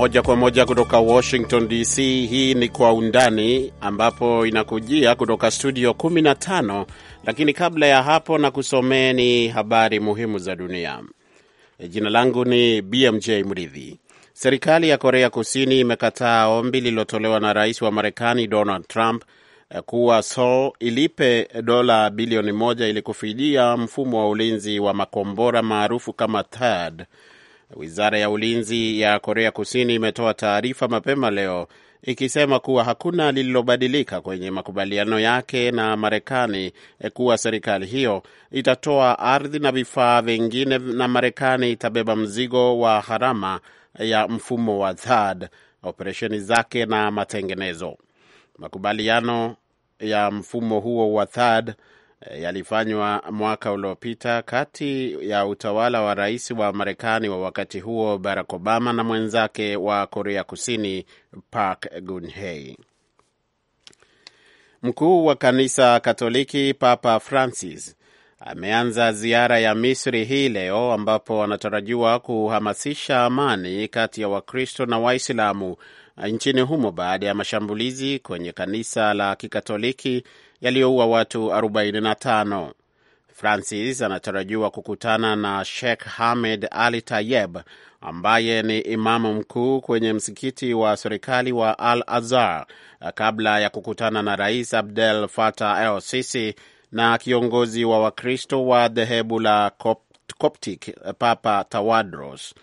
Moja kwa moja kutoka Washington DC. Hii ni Kwa Undani, ambapo inakujia kutoka studio 15. Lakini kabla ya hapo, na kusomeni habari muhimu za dunia. E, jina langu ni BMJ Mridhi. Serikali ya Korea Kusini imekataa ombi lililotolewa na rais wa Marekani Donald Trump e, kuwa Seoul ilipe dola bilioni moja ili kufidia mfumo wa ulinzi wa makombora maarufu kama THAAD Wizara ya ulinzi ya Korea Kusini imetoa taarifa mapema leo ikisema kuwa hakuna lililobadilika kwenye makubaliano yake na Marekani e, kuwa serikali hiyo itatoa ardhi na vifaa vingine na Marekani itabeba mzigo wa gharama ya mfumo wa THAAD, operesheni zake na matengenezo. Makubaliano ya mfumo huo wa THAAD Eh, yalifanywa mwaka uliopita kati ya utawala wa rais wa Marekani wa wakati huo Barack Obama na mwenzake wa Korea Kusini Park Geun-hye. Mkuu wa kanisa Katoliki Papa Francis ameanza ziara ya Misri hii leo ambapo anatarajiwa kuhamasisha amani kati ya Wakristo na Waislamu nchini humo baada ya mashambulizi kwenye kanisa la Kikatoliki yaliyoua watu 45. Francis anatarajiwa kukutana na Sheikh Hamed Ali Tayeb ambaye ni imamu mkuu kwenye msikiti wa serikali wa Al Azhar kabla ya kukutana na Rais Abdel Fattah El Sisi na kiongozi wa Wakristo wa dhehebu la Coptic Papa Tawadros.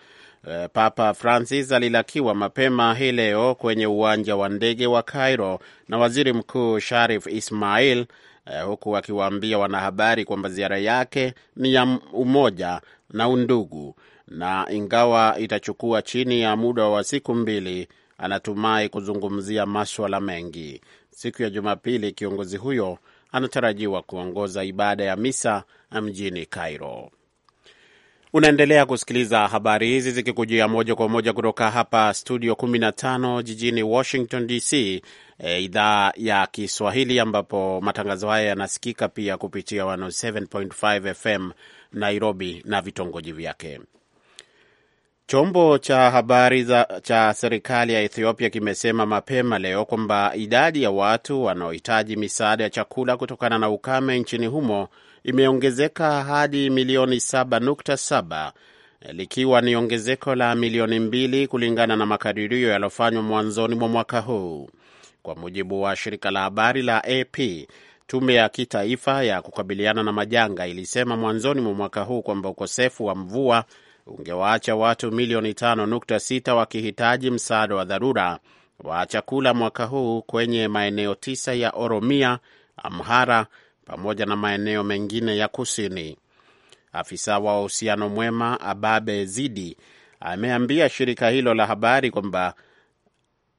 Eh, Papa Francis alilakiwa mapema hii leo kwenye uwanja wa ndege wa Cairo na waziri mkuu Sharif Ismail eh, huku akiwaambia wanahabari kwamba ziara yake ni ya umoja na undugu, na ingawa itachukua chini ya muda wa siku mbili, anatumai kuzungumzia maswala mengi. Siku ya Jumapili kiongozi huyo anatarajiwa kuongoza ibada ya misa eh, mjini Cairo. Unaendelea kusikiliza habari hizi zikikujia moja kwa moja kutoka hapa studio 15 jijini Washington DC, e, eh, idhaa ya Kiswahili, ambapo matangazo haya yanasikika pia kupitia 107.5 FM Nairobi na vitongoji vyake. Chombo cha habari za, cha serikali ya Ethiopia kimesema mapema leo kwamba idadi ya watu wanaohitaji misaada ya chakula kutokana na ukame nchini humo imeongezeka hadi milioni 7.7 likiwa ni ongezeko la milioni mbili kulingana na makadirio yaliyofanywa mwanzoni mwa mwaka huu. Kwa mujibu wa shirika la habari la AP, tume ya kitaifa ya kukabiliana na majanga ilisema mwanzoni mwa mwaka huu kwamba ukosefu wa mvua ungewaacha watu milioni 5.6 wakihitaji msaada wa dharura wa chakula mwaka huu kwenye maeneo tisa ya Oromia, Amhara, pamoja na maeneo mengine ya kusini. Afisa wa uhusiano mwema Ababe Zidi ameambia shirika hilo la habari kwamba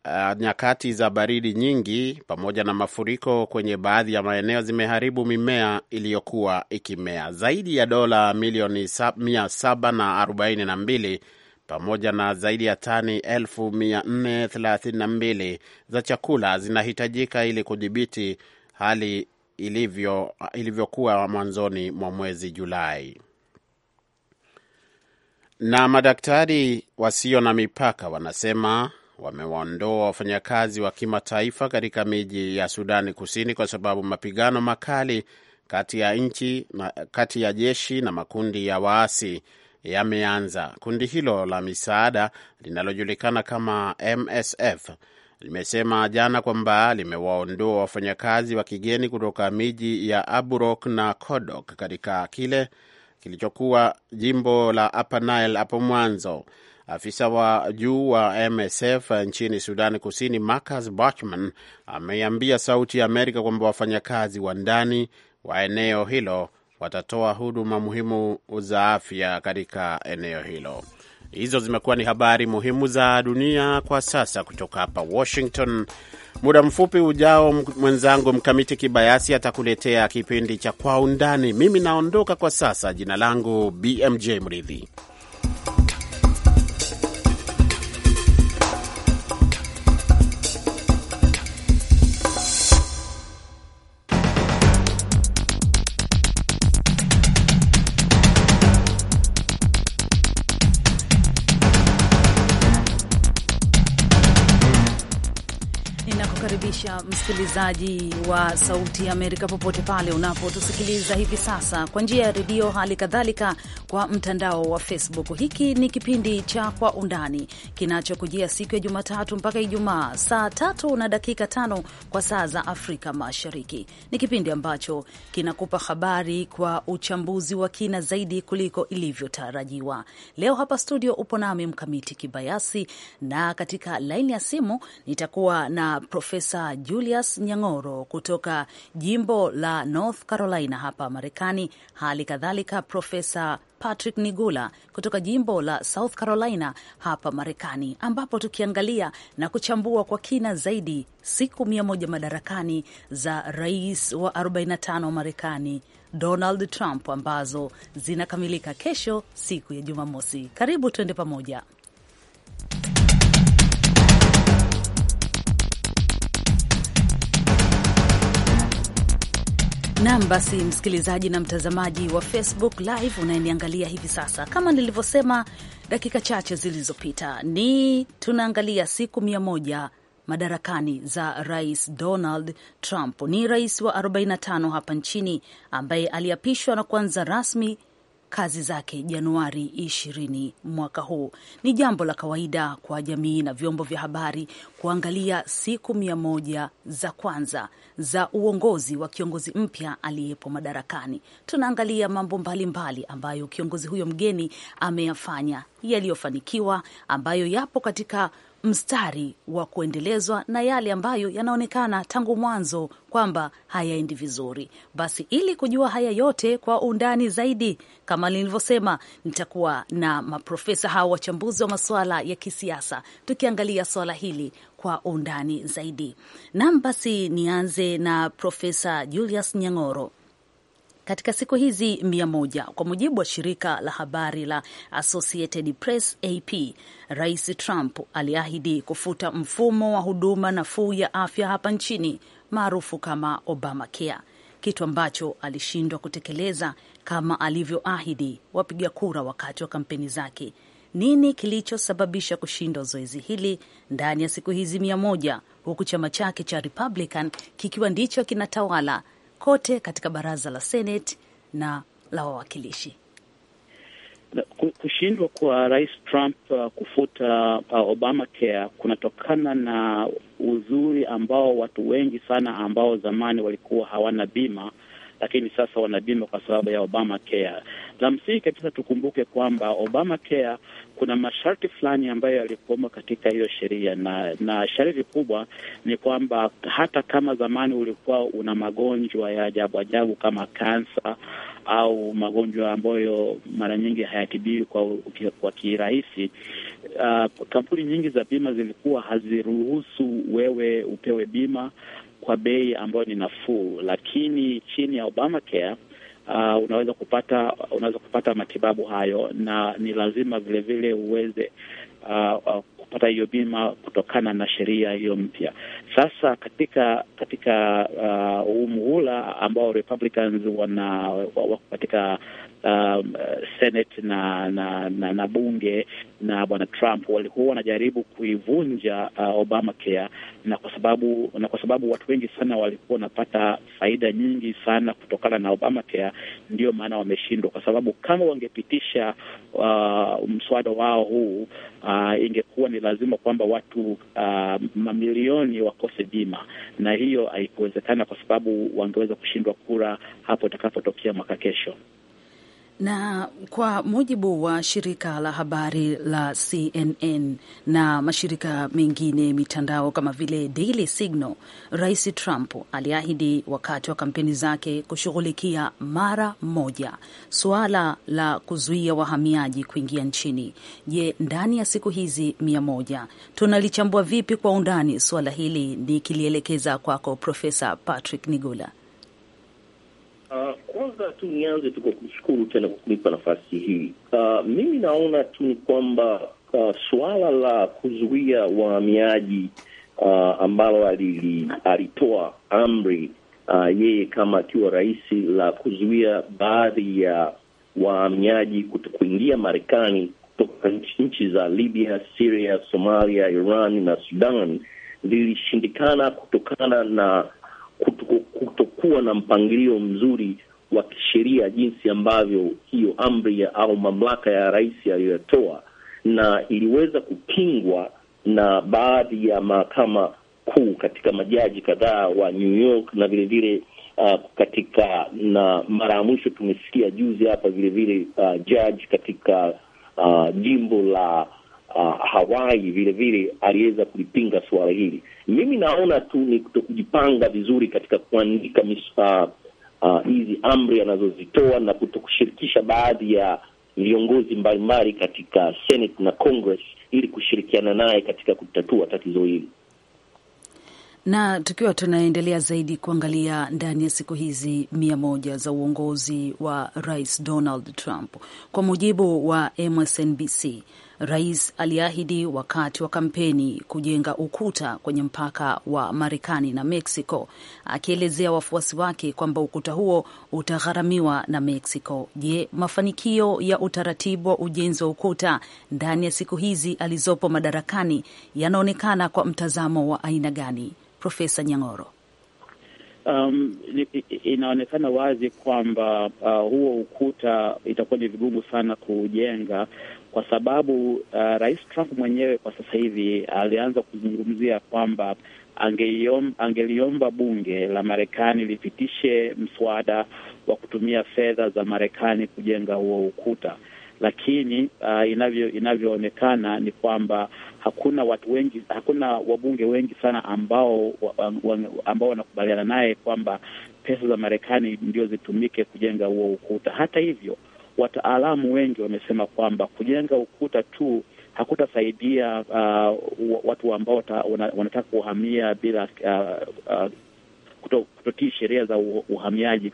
uh, nyakati za baridi nyingi pamoja na mafuriko kwenye baadhi ya maeneo zimeharibu mimea iliyokuwa ikimea. Zaidi ya dola milioni 742 pamoja na zaidi ya tani 432 za chakula zinahitajika ili kudhibiti hali ilivyo ilivyokuwa mwanzoni mwa mwezi Julai. Na madaktari wasio na mipaka wanasema wamewaondoa wafanyakazi wa kimataifa katika miji ya Sudani Kusini kwa sababu mapigano makali kati ya nchi kati ya jeshi na makundi ya waasi yameanza. Kundi hilo la misaada linalojulikana kama MSF limesema jana kwamba limewaondoa wafanyakazi wa kigeni kutoka miji ya Aburok na Kodok katika kile kilichokuwa jimbo la Upper Nile hapo mwanzo. Afisa wa juu wa MSF nchini Sudani Kusini, Marcus Bachman, ameiambia Sauti ya Amerika kwamba wafanyakazi wa ndani wa eneo hilo watatoa huduma muhimu za afya katika eneo hilo. Hizo zimekuwa ni habari muhimu za dunia kwa sasa kutoka hapa Washington. Muda mfupi ujao, mwenzangu Mkamiti Kibayasi atakuletea kipindi cha Kwa Undani. Mimi naondoka kwa sasa. Jina langu BMJ Mridhi. msikilizaji wa Sauti ya Amerika popote pale unapotusikiliza hivi sasa kwa njia ya redio, hali kadhalika kwa mtandao wa Facebook. Hiki ni kipindi cha Kwa Undani kinachokujia siku ya Jumatatu mpaka Ijumaa saa tatu na dakika tano kwa saa za Afrika Mashariki. Ni kipindi ambacho kinakupa habari kwa uchambuzi wa kina zaidi kuliko ilivyotarajiwa. Leo hapa studio upo nami Mkamiti Kibayasi, na katika laini ya simu nitakuwa na Profesa Julia Julius Nyang'oro kutoka jimbo la North Carolina hapa Marekani, hali kadhalika Profesa Patrick Nigula kutoka jimbo la South Carolina hapa Marekani, ambapo tukiangalia na kuchambua kwa kina zaidi siku mia moja madarakani za rais wa 45 wa Marekani Donald Trump ambazo zinakamilika kesho siku ya Jumamosi. Karibu tuende pamoja. Nam basi, msikilizaji na mtazamaji wa Facebook Live unayeniangalia hivi sasa, kama nilivyosema dakika chache zilizopita, ni tunaangalia siku mia moja madarakani za Rais Donald Trump. Ni rais wa 45 hapa nchini ambaye aliapishwa na kuanza rasmi kazi zake Januari 20 mwaka huu. Ni jambo la kawaida kwa jamii na vyombo vya habari kuangalia siku mia moja za kwanza za uongozi wa kiongozi mpya aliyepo madarakani. Tunaangalia mambo mbalimbali mbali ambayo kiongozi huyo mgeni ameyafanya, yaliyofanikiwa, ambayo yapo katika mstari wa kuendelezwa na yale ambayo yanaonekana tangu mwanzo kwamba hayaendi vizuri. Basi ili kujua haya yote kwa undani zaidi, kama nilivyosema, nitakuwa na maprofesa hawa wachambuzi wa masuala ya kisiasa tukiangalia swala hili kwa undani zaidi. Nam, basi nianze na Profesa Julius Nyang'oro katika siku hizi mia moja. Kwa mujibu wa shirika la habari la Associated Press AP, Rais Trump aliahidi kufuta mfumo wa huduma nafuu ya afya hapa nchini maarufu kama Obamacare, kitu ambacho alishindwa kutekeleza kama alivyoahidi wapiga kura wakati wa kampeni zake. Nini kilichosababisha kushindwa zoezi hili ndani ya siku hizi mia moja huku chama chake cha Republican kikiwa ndicho kinatawala kote katika baraza la Seneti na la wawakilishi. Kushindwa kwa Rais Trump uh, kufuta uh, Obamacare kunatokana na uzuri ambao watu wengi sana ambao zamani walikuwa hawana bima lakini sasa wana bima kwa sababu ya Obama Care. La msingi kabisa tukumbuke kwamba Obama Care kuna masharti fulani ambayo yalikuwemo katika hiyo sheria, na na sharti kubwa ni kwamba hata kama zamani ulikuwa una magonjwa ya ajabu ajabu kama kansa au magonjwa ambayo mara nyingi hayatibiwi kwa, kwa kirahisi uh, kampuni nyingi za bima zilikuwa haziruhusu wewe upewe bima kwa bei ambayo ni nafuu, lakini chini ya Obamacare Uh, unaweza kupata unaweza kupata matibabu hayo, na ni lazima vilevile uweze uh, uh, kupata hiyo bima kutokana na sheria hiyo mpya. Sasa katika katika uh, huu uh, muhula ambao Republicans wana wako katika um, Senate na na, na na bunge na bwana Trump walikuwa wanajaribu kuivunja uh, Obamacare, na kwa sababu na kwa sababu watu wengi sana walikuwa wanapata faida nyingi sana kutokana na Obamacare, ndio maana wameshindwa, kwa sababu kama wangepitisha uh, mswada wao huu uh, ingekuwa ni ni lazima kwamba watu uh, mamilioni wakose bima, na hiyo haikuwezekana kwa sababu wangeweza kushindwa kura hapo itakapotokea mwaka kesho. Na kwa mujibu wa shirika la habari la CNN na mashirika mengine mitandao kama vile Daily Signal, Rais Trump aliahidi wakati wa kampeni zake kushughulikia mara moja suala la kuzuia wahamiaji kuingia nchini. Je, ndani ya siku hizi mia moja tunalichambua vipi kwa undani suala hili? Nikilielekeza kwako Profesa Patrick Nigula. Uh, kwanza tu nianze tu kwa kushukuru tena kwa kunipa nafasi hii. Uh, mimi naona tu ni kwamba uh, suala la kuzuia wahamiaji uh, ambalo alitoa amri uh, yeye kama akiwa rais la kuzuia baadhi ya wahamiaji kuingia Marekani kutoka nchi za Libya, Syria, Somalia, Iran na Sudan lilishindikana kutokana na kutokuwa na mpangilio mzuri wa kisheria jinsi ambavyo hiyo amri au mamlaka ya rais aliyoyatoa, na iliweza kupingwa na baadhi ya mahakama kuu katika majaji kadhaa wa New York na vilevile uh, katika na mara ya mwisho tumesikia juzi hapa vilevile uh, jaji katika uh, jimbo la uh, Hawaii vile vile aliweza kulipinga suala hili. Mimi naona tu ni kutokujipanga vizuri katika kuandika hizi uh, uh, amri anazozitoa na kutokushirikisha baadhi ya viongozi mbalimbali katika Senate na Congress ili kushirikiana naye katika kutatua tatizo hili na tukiwa tunaendelea zaidi kuangalia ndani ya siku hizi mia moja za uongozi wa Rais Donald Trump, kwa mujibu wa MSNBC Rais aliahidi wakati wa kampeni kujenga ukuta kwenye mpaka wa Marekani na Mexico, akielezea wafuasi wake kwamba ukuta huo utagharamiwa na Mexico. Je, mafanikio ya utaratibu wa ujenzi wa ukuta ndani ya siku hizi alizopo madarakani yanaonekana kwa mtazamo wa aina gani? Profesa Nyang'oro. Um, inaonekana wazi kwamba uh, huo ukuta itakuwa ni vigumu sana kuujenga kwa sababu uh, Rais Trump mwenyewe kwa sasa hivi alianza kuzungumzia kwamba angeliomba bunge la Marekani lipitishe mswada wa kutumia fedha za Marekani kujenga huo ukuta, lakini uh, inavyo inavyoonekana ni kwamba hakuna watu wengi, hakuna wabunge wengi sana ambao ambao wanakubaliana naye kwamba pesa za Marekani ndio zitumike kujenga huo ukuta. Hata hivyo wataalamu wengi wamesema kwamba kujenga ukuta tu hakutasaidia uh, watu ambao wanataka kuhamia bila uh, uh, kutotii sheria za uhamiaji,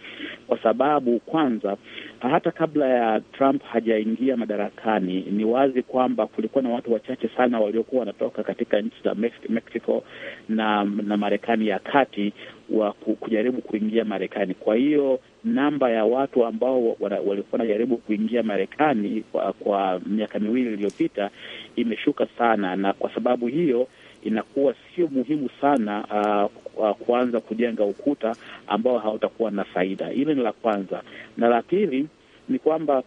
kwa sababu kwanza, hata kabla ya Trump hajaingia madarakani, ni wazi kwamba kulikuwa na watu wachache sana waliokuwa wanatoka katika nchi za Mexico na, na Marekani ya kati wa kujaribu kuingia Marekani. Kwa hiyo namba ya watu ambao walikuwa wanajaribu kuingia Marekani kwa, kwa miaka miwili iliyopita imeshuka sana, na kwa sababu hiyo inakuwa sio muhimu sana uh, uh, kuanza kujenga ukuta ambao hautakuwa na faida. Hili ni la kwanza, na la pili ni kwamba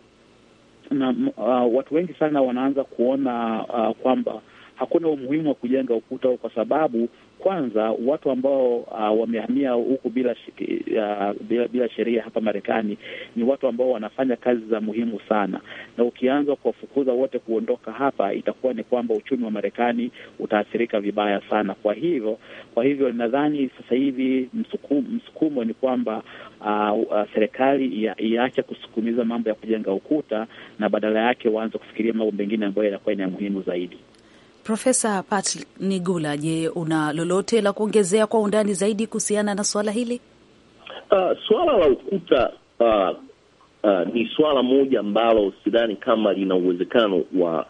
na, uh, watu wengi sana wanaanza kuona uh, kwamba hakuna umuhimu wa kujenga ukuta kwa sababu kwanza watu ambao uh, wamehamia huku bila, uh, bila, bila sheria hapa Marekani ni watu ambao wanafanya kazi za muhimu sana, na ukianza kuwafukuza wote kuondoka hapa, itakuwa ni kwamba uchumi wa Marekani utaathirika vibaya sana. Kwa hivyo kwa hivyo nadhani sasa hivi msukumo, msukumo ni kwamba uh, uh, serikali iache kusukumiza mambo ya kujenga ukuta na badala yake waanze kufikiria mambo mengine ambayo yanakuwa ni ya muhimu zaidi. Profesa Pat Nigula, je, una lolote la kuongezea kwa undani zaidi kuhusiana na suala hili? Uh, ah, suala la ukuta uh, uh, ni suala moja ambalo sidhani kama lina uwezekano wa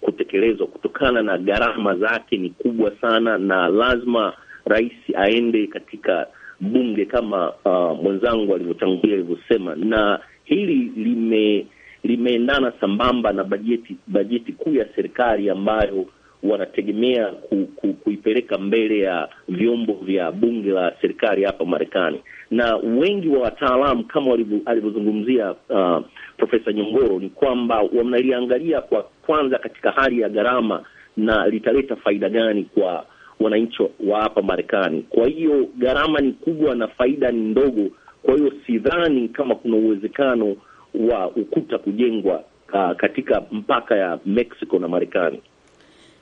kutekelezwa kutokana na gharama zake ni kubwa sana, na lazima rais aende katika bunge kama uh, mwenzangu alivyotangulia alivyosema, na hili lime limeendana sambamba na bajeti bajeti kuu ya serikali ambayo wanategemea ku, ku, kuipeleka mbele ya vyombo vya bunge la serikali hapa Marekani, na wengi wa wataalamu kama alivyozungumzia uh, Profesa Nyongoro ni kwamba wanaliangalia kwa kwanza katika hali ya gharama na litaleta faida gani kwa wananchi wa hapa Marekani. Kwa hiyo gharama ni kubwa na faida ni ndogo. Kwa hiyo sidhani kama kuna uwezekano wa ukuta kujengwa uh, katika mpaka ya Mexico na Marekani.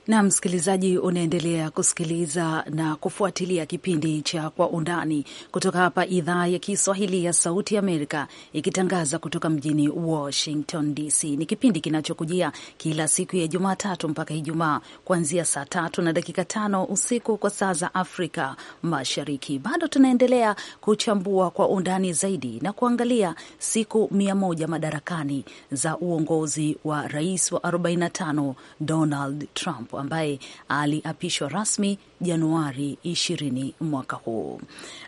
Na msikilizaji, unaendelea kusikiliza na kufuatilia kipindi cha Kwa Undani kutoka hapa idhaa ya Kiswahili ya Sauti Amerika, ikitangaza kutoka mjini Washington DC. Ni kipindi kinachokujia kila siku ya Jumatatu mpaka Ijumaa, kuanzia saa tatu na dakika tano usiku kwa saa za Afrika Mashariki. Bado tunaendelea kuchambua kwa undani zaidi na kuangalia siku mia moja madarakani za uongozi wa rais wa 45 Donald Trump ambaye aliapishwa rasmi Januari 20 mwaka huu.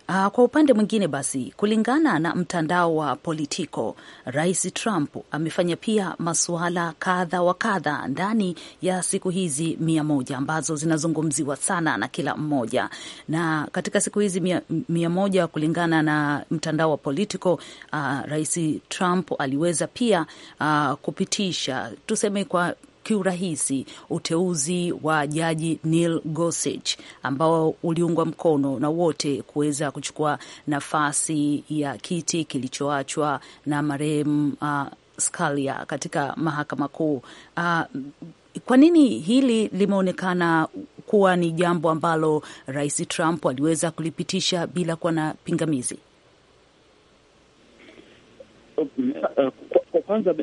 Ah, kwa upande mwingine, basi, kulingana na mtandao wa Politico, Rais Trump amefanya pia masuala kadha wa kadha ndani ya siku hizi mia moja ambazo zinazungumziwa sana na kila mmoja. Na katika siku hizi mia, mia moja kulingana na mtandao wa Politico, uh, Rais Trump aliweza pia uh, kupitisha tuseme kwa kiurahisi uteuzi wa jaji Neil Gorsuch ambao uliungwa mkono na wote kuweza kuchukua nafasi ya kiti kilichoachwa na marehemu uh, Scalia katika mahakama kuu. Uh, kwa nini hili limeonekana kuwa ni jambo ambalo Rais Trump aliweza kulipitisha bila kuwa na pingamizi? kwanza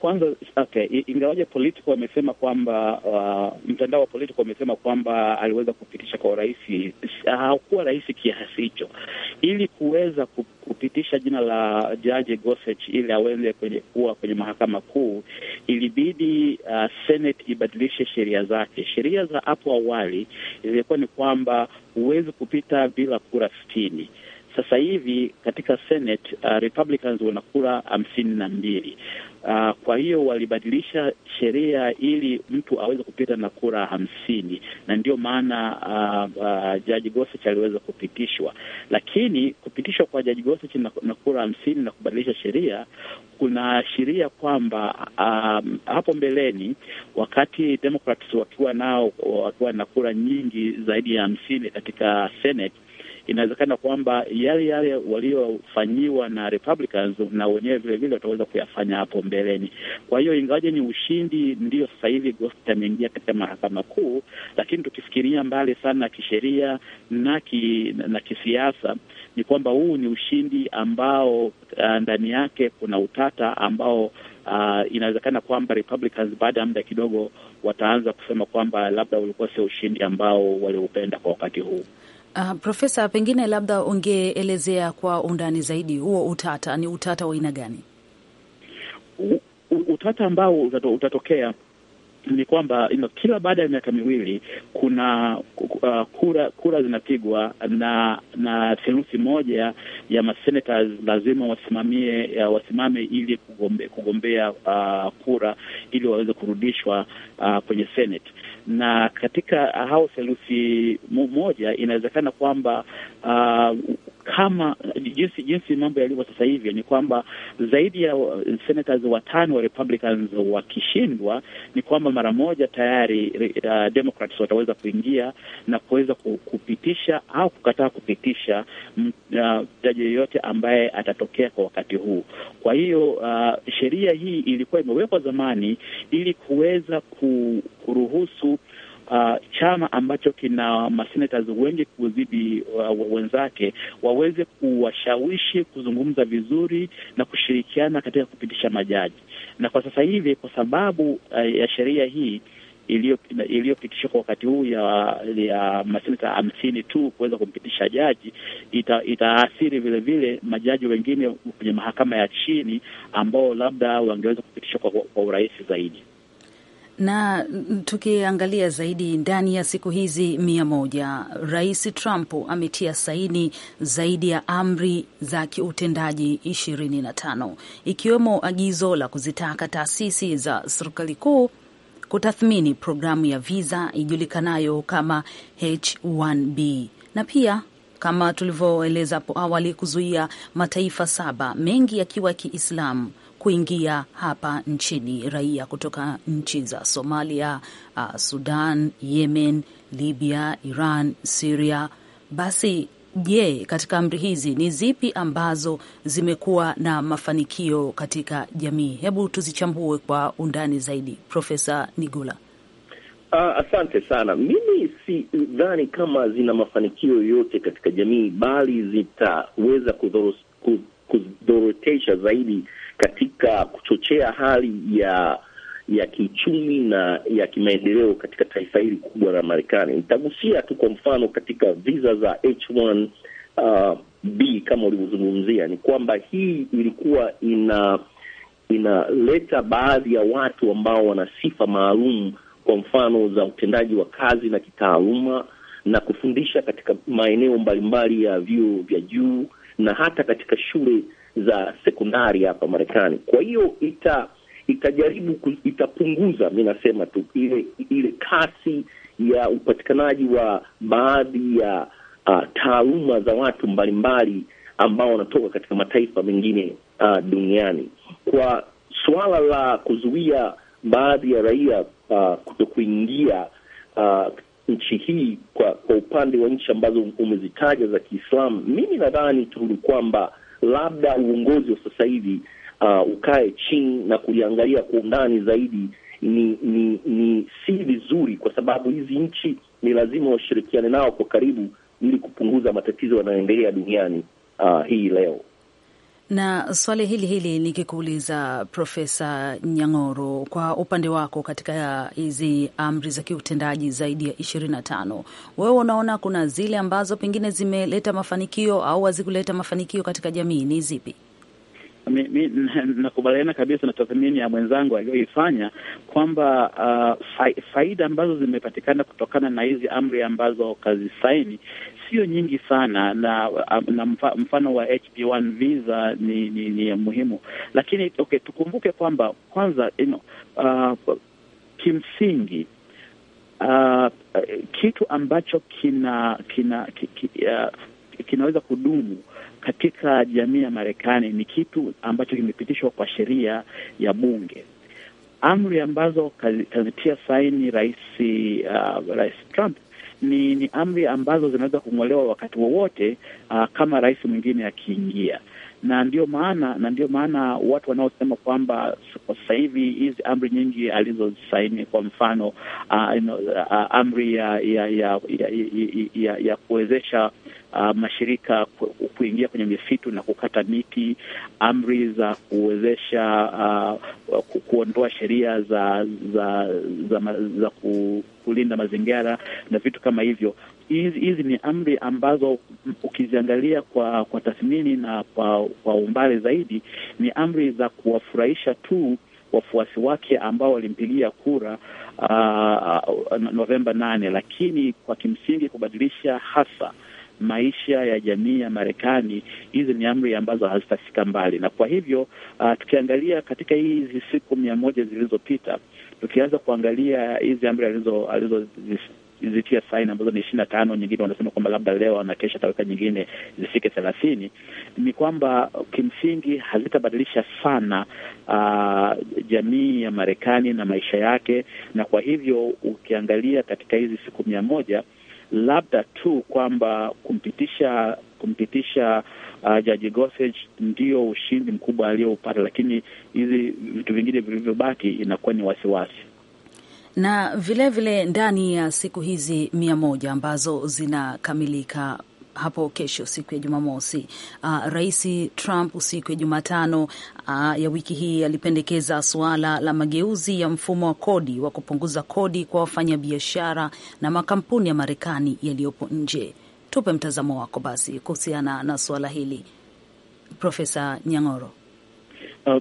kwanza, okay, ingawaje Politico amesema kwamba uh, mtandao wa Politico amesema kwamba aliweza kupitisha kwa urahisi, hakuwa rahisi kiasi hicho, ili kuweza kupitisha jina la Jaji Gosech ili aweze kwenye kuwa kwenye mahakama kuu, ilibidi uh, Senate ibadilishe sheria zake. Sheria za hapo awali zilikuwa ni kwamba huwezi kupita bila kura sitini sasa hivi katika Senate uh, Republicans wana kura hamsini na mbili. Uh, kwa hiyo walibadilisha sheria ili mtu aweze kupita na kura hamsini, na ndio maana uh, uh, Jaji Gorsuch aliweza kupitishwa. Lakini kupitishwa kwa Jaji Gorsuch na, na kura hamsini na kubadilisha sheria kunaashiria kwamba um, hapo mbeleni wakati Democrats wakiwa nao wakiwa na kura nyingi zaidi ya hamsini katika Senate inawezekana kwamba yale yale waliofanyiwa na Republicans na wenyewe vile vile wataweza kuyafanya hapo mbeleni. Kwa hiyo ingawaje ni ushindi, ndiyo sasa hivi Gostin ameingia katika mahakama kuu, lakini tukifikiria mbali sana kisheria na ki, na kisiasa ni kwamba huu ni ushindi ambao uh, ndani yake kuna utata ambao Uh, inawezekana kwamba Republicans baada ya muda kidogo wataanza kusema kwamba labda ulikuwa sio ushindi ambao waliupenda kwa wakati huu. Uh, Profesa, pengine labda ungeelezea kwa undani zaidi huo utata, ni utata wa aina gani? Utata ambao utatokea ni kwamba kila baada ya miaka miwili kuna uh, kura kura zinapigwa na na theluthi moja ya maseneta lazima wasimamie ya ah, wasimame ili kugombe, kugombea uh, kura ili waweze kurudishwa uh, kwenye Senate na katika hao theluthi moja inawezekana kwamba uh, kama jinsi jinsi mambo yalivyo sasa hivi ni kwamba zaidi ya senators watano wa Republicans wakishindwa, ni kwamba mara moja tayari uh, Democrats wataweza kuingia na kuweza kupitisha au kukataa kupitisha mtaji mm, uh, yeyote ambaye atatokea kwa wakati huu. Kwa hiyo uh, sheria hii ilikuwa imewekwa zamani ili kuweza kuruhusu uh, chama ambacho kina masenators wengi kuzidi uh, wenzake waweze kuwashawishi kuzungumza vizuri na kushirikiana katika kupitisha majaji. Na kwa sasa hivi kwa sababu uh, ya sheria hii iliyopitishwa kwa wakati huu ya, ya maseneta hamsini tu kuweza kumpitisha jaji ita, itaathiri vile vile majaji wengine kwenye mahakama ya chini ambao labda wangeweza kupitishwa kwa, kwa urahisi zaidi na tukiangalia zaidi ndani ya siku hizi mia moja, Rais Trump ametia saini zaidi ya amri za kiutendaji ishirini na tano ikiwemo agizo la kuzitaka taasisi za serikali kuu kutathmini programu ya viza ijulikanayo kama H1B na pia kama tulivyoeleza hapo awali kuzuia mataifa saba mengi yakiwa Kiislamu kuingia hapa nchini, raia kutoka nchi za Somalia, uh, Sudan, Yemen, Libya, Iran, siria Basi je, katika amri hizi ni zipi ambazo zimekuwa na mafanikio katika jamii? Hebu tuzichambue kwa undani zaidi, Profesa Nigula. Uh, asante sana. Mimi si dhani kama zina mafanikio yoyote katika jamii, bali zitaweza kudhorotesha zaidi katika kuchochea hali ya ya kiuchumi na ya kimaendeleo katika taifa hili kubwa la Marekani. Nitagusia tu kwa mfano katika visa za H1 uh, B kama ulivyozungumzia, ni kwamba hii ilikuwa ina inaleta baadhi ya watu ambao wana sifa maalum, kwa mfano za utendaji wa kazi na kitaaluma na kufundisha katika maeneo mbalimbali ya vyuo vya juu na hata katika shule za sekondari hapa Marekani. Kwa hiyo ita itajaribu itapunguza, mi nasema tu ile ile kasi ya upatikanaji wa baadhi ya uh, taaluma za watu mbalimbali ambao wanatoka katika mataifa mengine uh, duniani. Kwa suala la kuzuia baadhi ya raia uh, kuto kuingia uh, nchi hii kwa, kwa upande wa nchi ambazo umezitaja za Kiislamu, mimi nadhani tu ni kwamba labda uongozi wa sasa hivi uh, ukae chini na kuliangalia kwa undani zaidi. Ni ni ni si vizuri, kwa sababu hizi nchi ni lazima washirikiane nao kwa karibu, ili kupunguza matatizo yanayoendelea duniani uh, hii leo. Na swali hili hili nikikuuliza, Profesa Nyang'oro, kwa upande wako katika hizi amri za kiutendaji zaidi ya ishirini na tano, wewe unaona kuna zile ambazo pengine zimeleta mafanikio au hazikuleta mafanikio katika jamii, ni zipi? Mi nakubaliana kabisa na tathmini ya mwenzangu aliyoifanya kwamba uh, faida ambazo zimepatikana kutokana na hizi amri ambazo kazisaini sio nyingi sana, na na mfano wa HB1 visa ni, ni, ni muhimu, lakini okay, tukumbuke kwamba kwanza you know, uh, kimsingi uh, kitu ambacho kina kina ki, uh, kinaweza kudumu katika jamii ya Marekani ni kitu ambacho kimepitishwa kwa sheria ya bunge amri ambazo kazitia saini rais uh, Rais Trump ni, ni amri ambazo zinaweza kung'olewa wakati wowote uh, kama rais mwingine akiingia na ndio maana na ndio maana watu wanaosema kwamba kwa sasa hivi hizi amri nyingi alizosaini, kwa mfano uh, you know, uh, amri ya ya ya, ya, ya, ya kuwezesha uh, mashirika kuingia kwenye misitu na kukata miti, amri za kuwezesha uh, kuondoa sheria za za za, za, za ku kulinda mazingira na vitu kama hivyo. Hizi ni amri ambazo ukiziangalia kwa kwa tathmini na kwa, kwa umbali zaidi ni amri za kuwafurahisha tu wafuasi wake ambao walimpigia kura uh, Novemba nane, lakini kwa kimsingi kubadilisha hasa maisha ya jamii ya Marekani, hizi ni amri ambazo hazitafika mbali. Na kwa hivyo uh, tukiangalia katika hizi siku mia moja zilizopita tukianza kuangalia hizi amri alizo alizozitia saini ambazo ni ishirini na tano, nyingine wanasema kwamba labda leo na kesho ataweka nyingine zifike thelathini, ni kwamba kimsingi hazitabadilisha sana uh, jamii ya Marekani na maisha yake, na kwa hivyo ukiangalia katika hizi siku mia moja labda tu kwamba kumpitisha kumpitisha uh, Jaji Gosech ndio ushindi mkubwa aliyoupata, lakini hizi vitu vingine vilivyobaki inakuwa ni wasiwasi na vilevile vile ndani ya siku hizi mia moja ambazo zinakamilika hapo kesho siku ya Jumamosi. Uh, Rais Trump siku ya Jumatano uh, ya wiki hii alipendekeza suala la mageuzi ya mfumo wa kodi wa kupunguza kodi kwa wafanyabiashara na makampuni ya Marekani yaliyopo nje. Tupe mtazamo wako basi kuhusiana na suala hili Profesa Nyang'oro. Uh,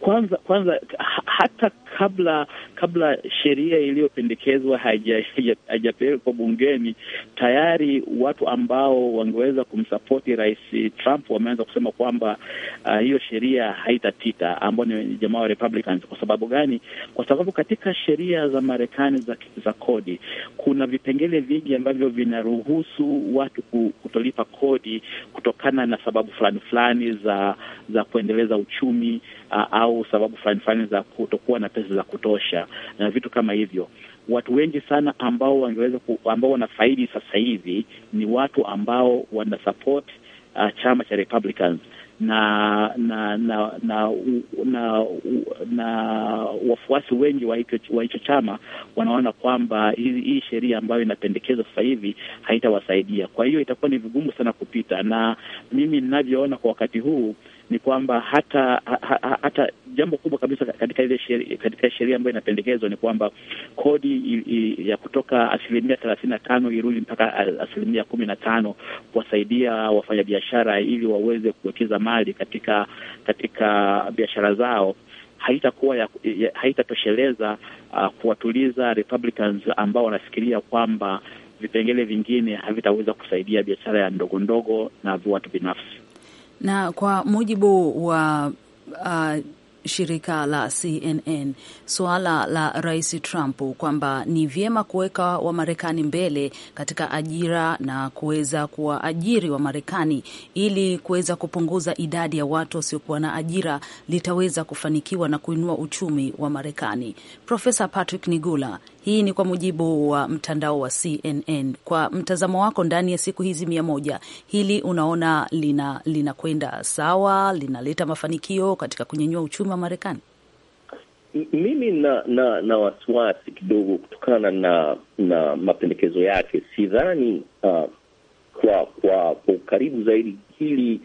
kwanza kwanza hata kabla kabla sheria iliyopendekezwa haijapelekwa bungeni, tayari watu ambao wangeweza kumsapoti Rais Trump wameanza kusema kwamba uh, hiyo sheria haitatita, ambao ni jamaa wa Republicans. Kwa sababu gani? Kwa sababu katika sheria za Marekani za, za kodi kuna vipengele vingi ambavyo vinaruhusu watu kutolipa kodi kutokana na sababu fulani fulani za za kuendeleza uchumi uh, au sababu fulani fulani za kutokuwa na pesa za kutosha na vitu kama hivyo. Watu wengi sana ambao wangeweza ambao wanafaidi sasa hivi ni watu ambao support uh, chama cha Republicans na na na na, na, na wafuasi wengi wa hicho chama wanaona kwamba hii, hii sheria ambayo inapendekezwa sasa hivi haitawasaidia. Kwa hiyo itakuwa ni vigumu sana kupita, na mimi ninavyoona kwa wakati huu ni kwamba hata ha, hata jambo kubwa kabisa katika ile sheria, katika sheria ambayo inapendekezwa ni kwamba kodi i, i, ya kutoka asilimia thelathini na tano irudi mpaka asilimia kumi na tano kuwasaidia wafanyabiashara ili waweze kuwekeza mali katika katika biashara zao haitakuwa haitatosheleza uh, kuwatuliza Republicans ambao wanafikiria kwamba vipengele vingine havitaweza kusaidia biashara ya ndogo ndogo na watu binafsi. Na kwa mujibu wa uh, shirika la CNN suala la Rais Trump kwamba ni vyema kuweka Wamarekani mbele katika ajira na kuweza kuwaajiri Wamarekani ili kuweza kupunguza idadi ya watu wasiokuwa na ajira litaweza kufanikiwa na kuinua uchumi wa Marekani. Profesa Patrick Nigula hii ni kwa mujibu wa mtandao wa CNN. Kwa mtazamo wako, ndani ya siku hizi mia moja, hili unaona lina linakwenda sawa, linaleta mafanikio katika kunyanyua uchumi wa Marekani? Mimi na na, na wasiwasi kidogo kutokana na na mapendekezo yake. Sidhani uh, kwa kwa kwa ukaribu zaidi hili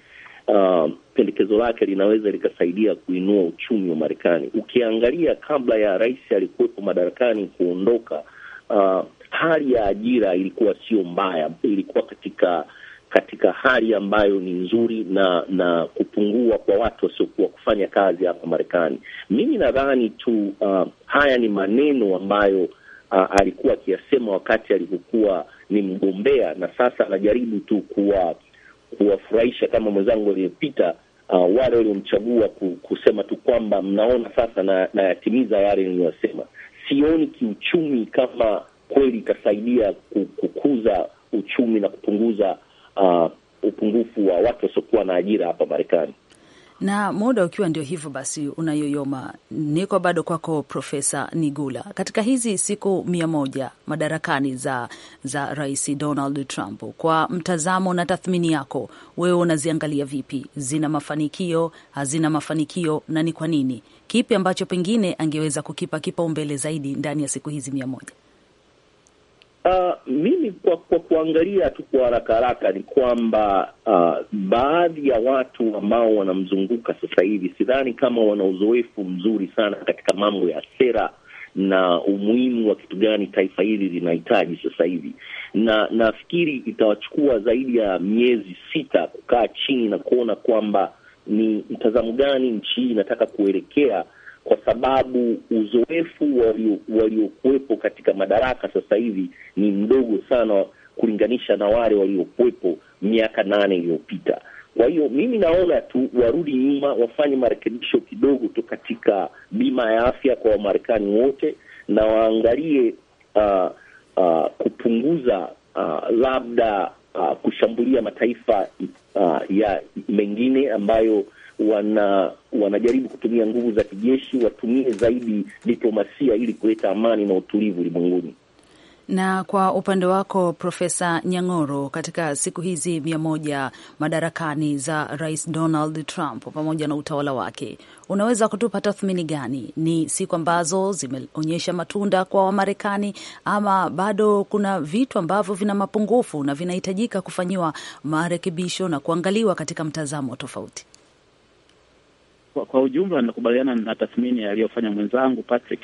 uh, pendekezo lake linaweza likasaidia kuinua uchumi wa Marekani. Ukiangalia kabla ya rais alikuwepo madarakani kuondoka, uh, hali ya ajira ilikuwa sio mbaya, ilikuwa katika katika hali ambayo ni nzuri na na kupungua kwa watu wasiokuwa kufanya kazi hapa Marekani. Mimi nadhani tu uh, haya ni maneno ambayo uh, alikuwa akiyasema wakati alipokuwa ni mgombea, na sasa anajaribu tu kuwa kuwafurahisha kama mwenzangu aliyepita, uh, wale waliomchagua kusema tu kwamba mnaona sasa na nayatimiza yale niliyosema. Sioni kiuchumi kama kweli itasaidia kukuza uchumi na kupunguza uh, upungufu wa watu wasiokuwa na ajira hapa Marekani na muda ukiwa ndio hivyo basi unayoyoma. Niko bado kwako Profesa Nigula, katika hizi siku mia moja madarakani za, za Rais Donald Trump, kwa mtazamo na tathmini yako wewe unaziangalia vipi? Zina mafanikio, hazina mafanikio, na ni kwa nini? Kipi ambacho pengine angeweza kukipa kipaumbele zaidi ndani ya siku hizi mia moja? Uh, mimi kwa, kwa kuangalia tu kwa haraka haraka ni kwamba uh, baadhi ya watu ambao wanamzunguka sasa hivi sidhani kama wana uzoefu mzuri sana katika mambo ya sera na umuhimu wa kitu gani taifa hili linahitaji sasa hivi, na nafikiri itawachukua zaidi ya miezi sita kukaa chini na kuona kwamba ni mtazamo gani nchi hii inataka kuelekea kwa sababu uzoefu waliokuwepo katika madaraka sasa hivi ni mdogo sana kulinganisha na wale waliokuwepo miaka nane iliyopita. Kwa hiyo mimi naona tu warudi nyuma, wafanye marekebisho kidogo tu katika bima ya afya kwa Wamarekani wote na waangalie uh, uh, kupunguza uh, labda uh, kushambulia mataifa uh, ya mengine ambayo wana wanajaribu kutumia nguvu za kijeshi, watumie zaidi diplomasia ili kuleta amani na utulivu ulimwenguni. Na kwa upande wako Profesa Nyang'oro, katika siku hizi mia moja madarakani za Rais Donald Trump pamoja na utawala wake, unaweza kutupa tathmini gani? Ni siku ambazo zimeonyesha matunda kwa Wamarekani ama bado kuna vitu ambavyo vina mapungufu na vinahitajika kufanyiwa marekebisho na kuangaliwa katika mtazamo tofauti? kwa, kwa ujumla nakubaliana na tathmini aliyofanya mwenzangu Patrick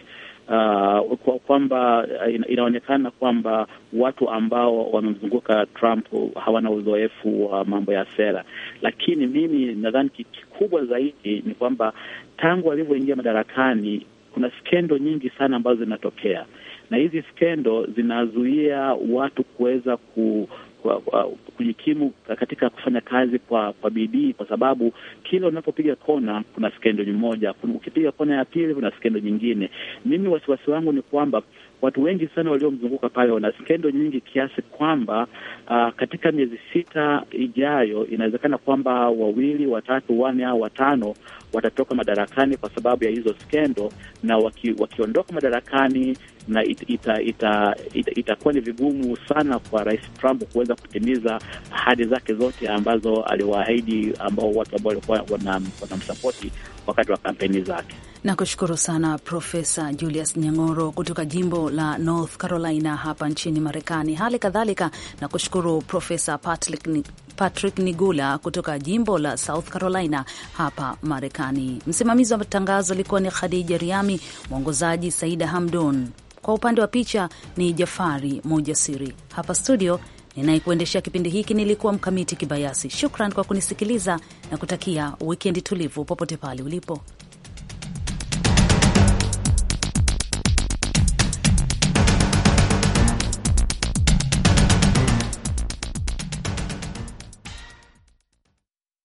uh, kwamba kwa uh, inaonekana kwamba watu ambao wamemzunguka Trump hawana uzoefu wa uh, mambo ya sera, lakini mimi nadhani kikubwa zaidi ni kwamba tangu alivyoingia madarakani kuna skendo nyingi sana ambazo zinatokea na hizi skendo zinazuia watu kuweza ku kujikimu katika kufanya kazi kwa kwa bidii, kwa sababu kila unapopiga kona kuna skendo moja, ukipiga kona ya pili kuna skendo nyingine. Mimi wasiwasi wangu ni kwamba watu wengi sana waliomzunguka pale wana skendo nyingi kiasi kwamba uh, katika miezi sita ijayo inawezekana kwamba wawili, watatu, wane au watano watatoka madarakani kwa sababu ya hizo skendo, na waki, wakiondoka madarakani na itakuwa ita, ita, ita ni vigumu sana kwa Rais Trump kuweza kutimiza ahadi zake zote ambazo aliwaahidi ambao watu ambao walikuwa wanamsapoti wana wakati wa kampeni zake. Nakushukuru sana Profesa Julius Nyang'oro kutoka jimbo la North Carolina hapa nchini Marekani. Hali kadhalika nakushukuru Profesa Patrick, Patrick Nigula kutoka jimbo la South Carolina hapa Marekani. Msimamizi wa matangazo alikuwa ni Khadija Riami, mwongozaji Saida Hamdun, kwa upande wa picha ni Jafari Mujasiri. Hapa studio Ninayekuendeshea kipindi hiki nilikuwa Mkamiti Kibayasi. Shukran kwa kunisikiliza na kutakia wikendi tulivu popote pale ulipo.